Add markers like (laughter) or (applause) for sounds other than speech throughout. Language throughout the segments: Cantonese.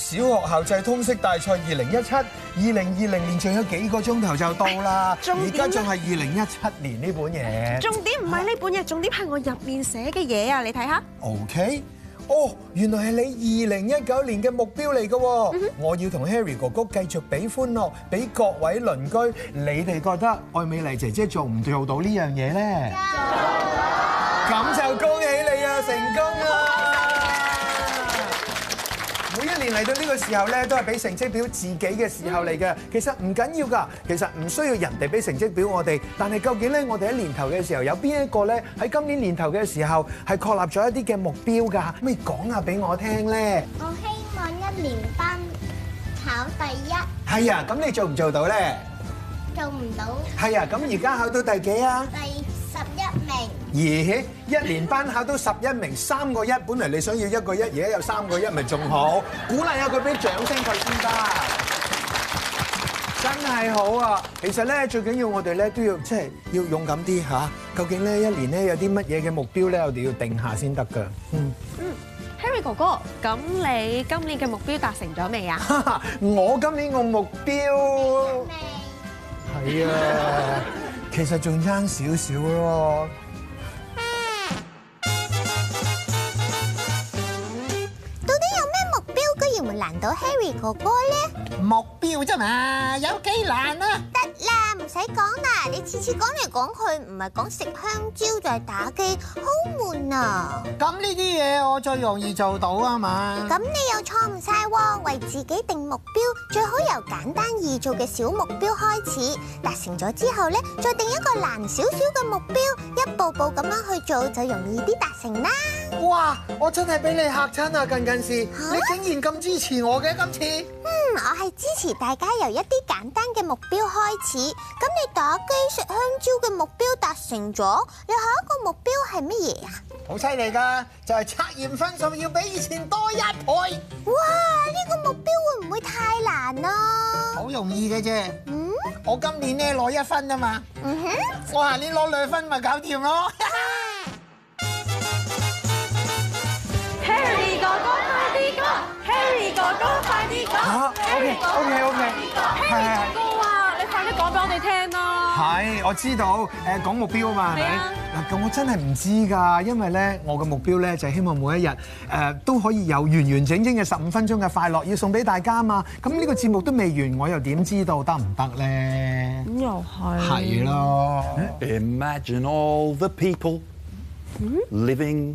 小學校際通識大賽二零一七二零二零年，仲有幾個鐘頭就到啦！而家仲係二零一七年呢本嘢。重點唔係呢本嘢，重點係我入面寫嘅嘢啊！你睇下。OK，哦，原來係你二零一九年嘅目標嚟嘅喎。我要同 Harry 哥哥繼續畀歡樂，畀各位鄰居，你哋覺得愛美麗姐姐做唔做到呢樣嘢呢？咁就恭喜你啊，成功啊！嚟到呢個時候咧，都係俾成績表自己嘅時候嚟嘅。其實唔緊要㗎，其實唔需要人哋俾成績表我哋。但係究竟咧，我哋喺年頭嘅時候有邊一個咧？喺今年年頭嘅時候係確立咗一啲嘅目標㗎，可以講下俾我聽咧。我希望一年班考第一。係啊，咁你做唔做到咧？做唔到。係啊，咁而家考到第幾啊？第。耶！一年班考到十一名，三個一，本嚟你想要一個一，而家有三個一，咪仲好？鼓勵下佢，俾掌聲佢先得。真係好啊！其實咧，最緊要我哋咧都要即係要勇敢啲嚇。究竟咧，一年咧有啲乜嘢嘅目標咧，我哋要定下先得噶。嗯嗯，Harry 哥哥，咁你今年嘅目標達成咗未啊？我今年個目標未。係啊，其實仲爭少少咯。到 Harry 哥哥咧，目標啫嘛，有幾難啊？唔使講啦，你次次講嚟講去，唔係講食香蕉就係、是、打機，好悶啊！咁呢啲嘢，我最容易做到啊嘛！咁你又錯唔晒，為自己定目標最好由簡單易做嘅小目標開始，達成咗之後呢，再定一個難少少嘅目標，一步步咁樣去做就容易啲達成啦！哇，我真係俾你吓親啊！近近時，啊、你竟然咁支持我嘅今次。嗯，我係支持大家由一啲簡單嘅目標開始。咁你打機食香蕉嘅目標達成咗，你下一個目標係乜嘢啊？好犀利噶，就係測驗分數要比以前多一倍。哇，呢個目標會唔會太難啊？好容易嘅啫。嗯。我今年咧攞一分啊嘛。嗯哼。我下年攞兩分咪搞掂咯。 (laughs) O K O K O K，係啊哥啊，hey, okay, Go, okay, okay, hey, hey, uh, 你快啲講俾我哋聽啦。係，我知道，誒，講目標啊嘛，係咪，嗱，我真係唔知噶，因為咧，我嘅目標咧就係、是、希望每一日，誒、呃，都可以有完完整整嘅十五分鐘嘅快樂，要送俾大家啊嘛。咁呢個節目都未完，我又點知道得唔得咧？咁又係？係咯、啊、，Imagine all the people，living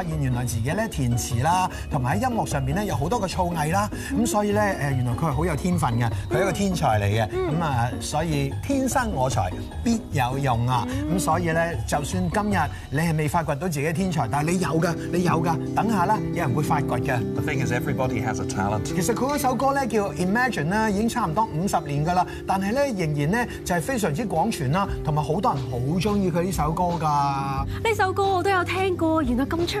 發現原來自己咧填詞啦，同埋喺音樂上面咧有好多嘅造詣啦，咁所以咧誒原來佢係好有天分嘅，佢係一個天才嚟嘅，咁啊所以天生我材必有用啊，咁所以咧就算今日你係未發掘到自己嘅天才，但係你有㗎，你有㗎，等下啦有人會發掘嘅。The thing is everybody has a talent。其實佢嗰首歌咧叫 Imagine 啦，已經差唔多五十年㗎啦，但係咧仍然咧就係非常之廣傳啦，同埋好多人好中意佢呢首歌㗎。呢首歌我都有聽過，原來咁出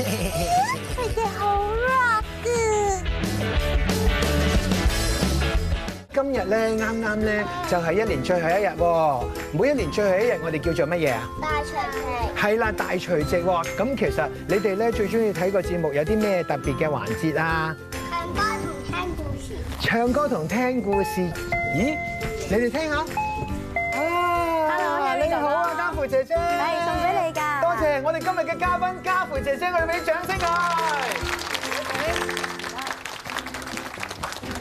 食嘢好辣嘅。今日咧，啱啱咧就係一年最後一日喎。每一年最後一日，我哋叫做乜嘢啊？大除夕。係啦，大除夕喎。咁其實你哋咧最中意睇個節目有啲咩特別嘅環節啊？唱歌同聽故事。唱歌同聽故事。咦？你哋聽下。Hello，你好啊，家富姐姐。係，送俾你。我哋今日嘅嘉賓，嘉培姐姐，我哋俾啲掌聲佢。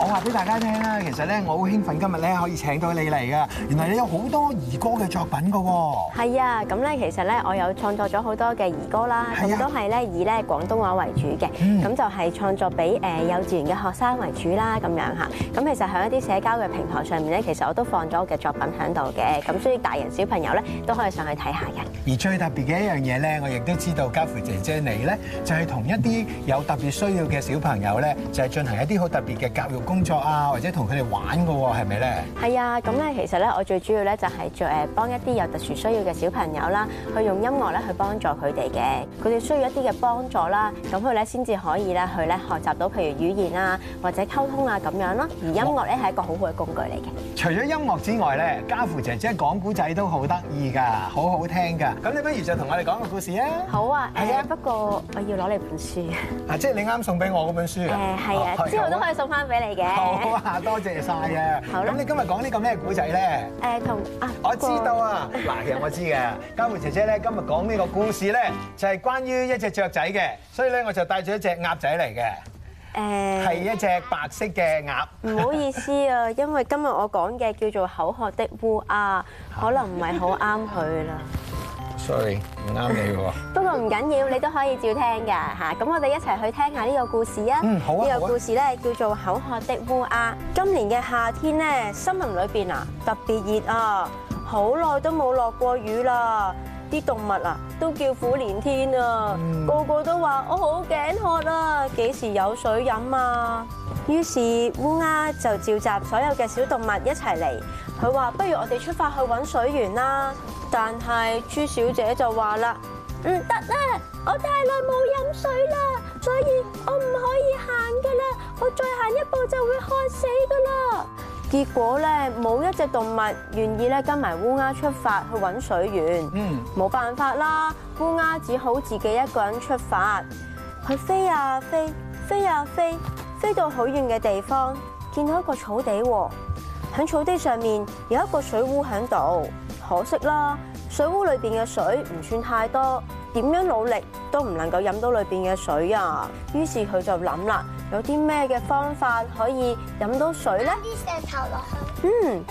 我話俾大家聽啦，其實咧，我好興奮今日咧可以請到你嚟噶。原來你有好多兒歌嘅作品噶喎。係啊，咁咧其實咧，我有創作咗好多嘅兒歌啦，咁都係咧以咧廣東話為主嘅，咁就係創作俾誒幼稚園嘅學生為主啦，咁樣嚇。咁其實喺一啲社交嘅平台上面咧，其實我都放咗我嘅作品喺度嘅，咁所以大人小朋友咧都可以上去睇下嘅。而最特別嘅一樣嘢咧，我亦都知道，嘉芙姐姐你咧就係同一啲有特別需要嘅小朋友咧，就係進行一啲好特別嘅教育。工作啊，或者同佢哋玩嘅喎，係咪咧？係啊，咁咧，其實咧，我最主要咧就係做誒幫一啲有特殊需要嘅小朋友啦，去用音樂咧去幫助佢哋嘅。佢哋需要一啲嘅幫助啦，咁佢咧先至可以咧去咧學習到譬如語言啊，或者溝通啊咁樣咯。而音樂咧係一個好好嘅工具嚟嘅。除咗音樂之外咧，家父姐姐講古仔都好得意噶，好好聽噶。咁你不如就同我哋講個故事啊！好啊，係啊的，不過我要攞的你本書啊，即係你啱送俾我嗰本書啊。誒係啊，之後都可以送翻俾你好。好啊，多謝晒啊！咁好吧 你今日講呢個咩古仔咧？誒，同啊，我知道啊。嗱，其實我知嘅，嘉慧姐姐咧，今日講呢個故事咧，就係關於一隻雀仔嘅，所以咧，我就帶咗一隻鴨仔嚟嘅。誒，係一隻白色嘅鴨、欸。唔 (laughs) 好意思啊，因為今日我講嘅叫做口渴的烏鴨，可能唔係好啱佢啦。sorry 唔啱你喎，不過唔緊要，你都可以照聽㗎嚇。咁我哋一齊去聽下呢個故事啊！嗯，好啊。呢個故事咧叫做口渴的烏鴉。今年嘅夏天咧，森林裏邊啊特別熱啊，好耐都冇落過雨啦，啲動物啊都叫苦連天啊，個個都話我好頸渴啊，幾時有水飲啊？於是烏鴉就召集所有嘅小動物一齊嚟。佢話：不如我哋出發去揾水源啦。但係豬小姐就話啦：唔得啦，我太耐冇飲水啦，所以我唔可以行噶啦。我再行一步就會渴死噶啦。結果咧，冇一隻動物願意咧跟埋烏鴉出發去揾水源。嗯，冇辦法啦，烏鴉只好自己一個人出發。佢飛呀、啊、飛，飛呀、啊、飛。飛到好遠嘅地方，見到一個草地喎。喺草地上面有一個水壺喺度，可惜啦，水壺裏邊嘅水唔算太多，點樣努力都唔能夠飲到裏邊嘅水啊。於是佢就諗啦，有啲咩嘅方法可以飲到水呢？」放啲石頭落去。嗯，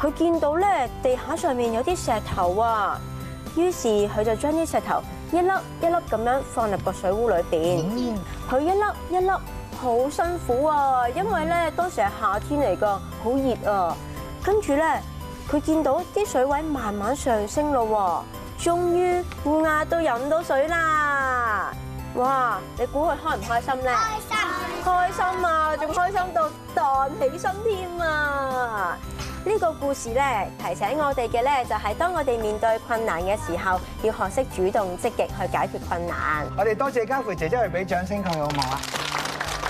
佢見到咧地下上面有啲石頭啊，於是佢就將啲石頭一粒一粒咁樣放入個水壺裏邊。佢一粒一粒。好辛苦啊！因為咧，當時係夏天嚟噶，好熱啊。跟住咧，佢見到啲水位慢慢上升咯，終於烏鴉都飲到水啦。哇！你估佢開唔開心咧？開心開心啊！仲開心到、啊、彈起身添啊！呢個故事咧，提醒我哋嘅咧，就係當我哋面對困難嘅時候，要學識主動積極去解決困難。我哋多謝嘉慧姐姐，去俾掌聲佢好唔好啊？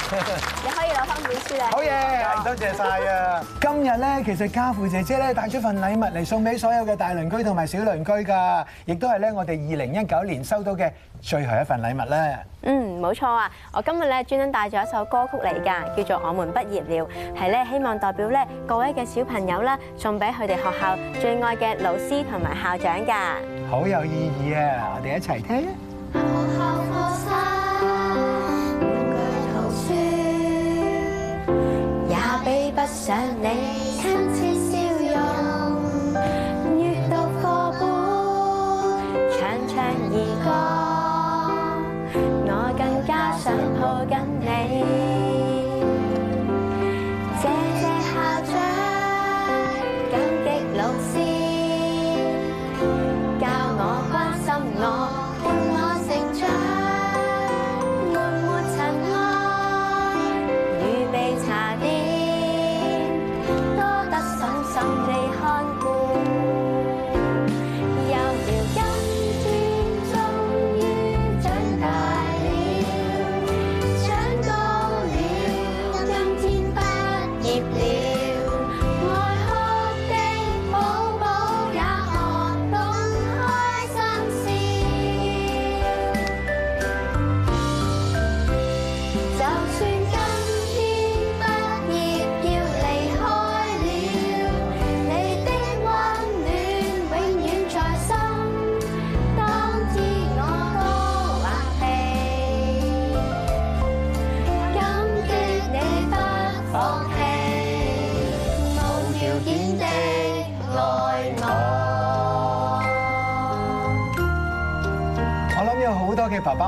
你可以攞返本書嚟，好嘢，多謝晒啊！今日咧，其實家父姐姐咧帶咗份禮物嚟送俾所有嘅大鄰居同埋小鄰居噶，亦都係咧我哋二零一九年收到嘅最後一份禮物咧。嗯，冇錯啊！我今日咧專登帶咗一首歌曲嚟噶，叫做《我們畢業了》，係咧希望代表咧各位嘅小朋友啦，送俾佢哋學校最愛嘅老師同埋校長噶。好有意義啊！我哋一齊聽。想你親切笑容。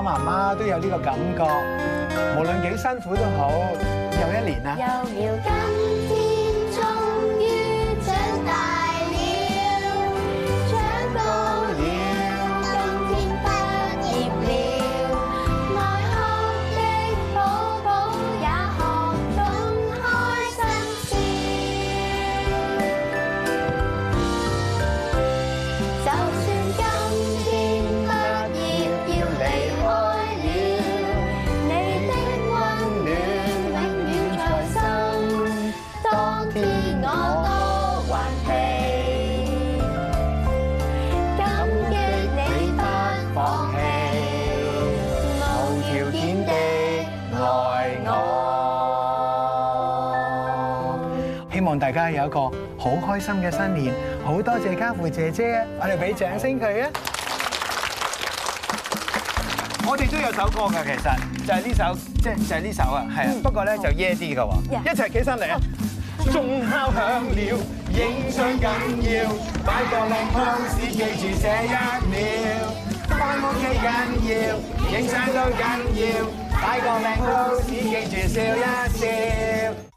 媽媽都有呢個感覺，無論幾辛苦都好，又一年啊，個好開心嘅新年，好多謝嘉慧姐姐，我哋俾掌聲佢啊！我哋都有首歌噶，其實就係呢首，即就係呢首啊，係啊，不過咧就夜啲噶喎，一齊起身嚟啊！鐘敲響了，影相緊要，擺個靚 pose 記住這一秒，翻屋企緊要，影相都緊要，擺個靚 pose 記住笑一笑。